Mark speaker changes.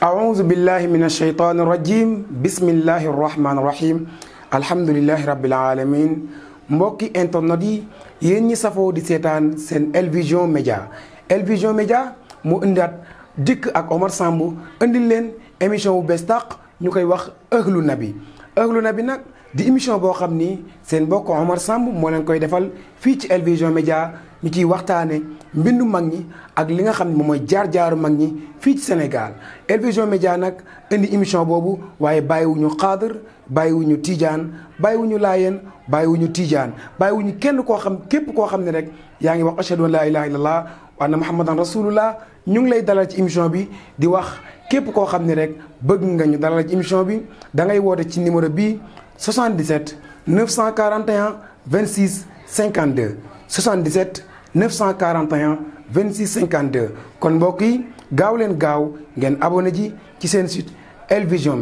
Speaker 1: أعوذ بالله من الشيطان الرجيم بسم الله الرحمن الرحيم الحمد لله رب العالمين مبكي انتنادي يني سفو دي سيطان سن الفيجون ميجا الفيجون ميجا مو اندات ديك اك عمر سامبو اندي لين اميشن و بستاق نوكي وخ اهل النبي اهل النبي نك دي اميشن بو خمني سن بوكو عمر سامبو مولان كوي دفال fii ci Elvision Média ñu ciy waxtaane mbindu mag ñi ak li nga xam ne moom mooy jaar-jaaru mag ñi fii ci Sénégal Elvision Média nag indi émission boobu waaye bàyyiwuñu xaadir bàyyiwuñu tiijaan bàyyiwuñu laayeen bàyyiwuñu tiijaan bàyyiwuñu kenn koo xam képp koo xam ne rek yaa ngi wax ashhadu an laa ilaaha illallah wa anna muhammadan rasulullah ñu ngi lay dalal ci émission bi di wax képp koo xam ni rek bëgg nga ñu dalal ci émission bi da ngay woote ci numéro bii 77 941 26 52 77 941 26 52 kon mbokk yi gaw Abonedi gaaw abonné El Vision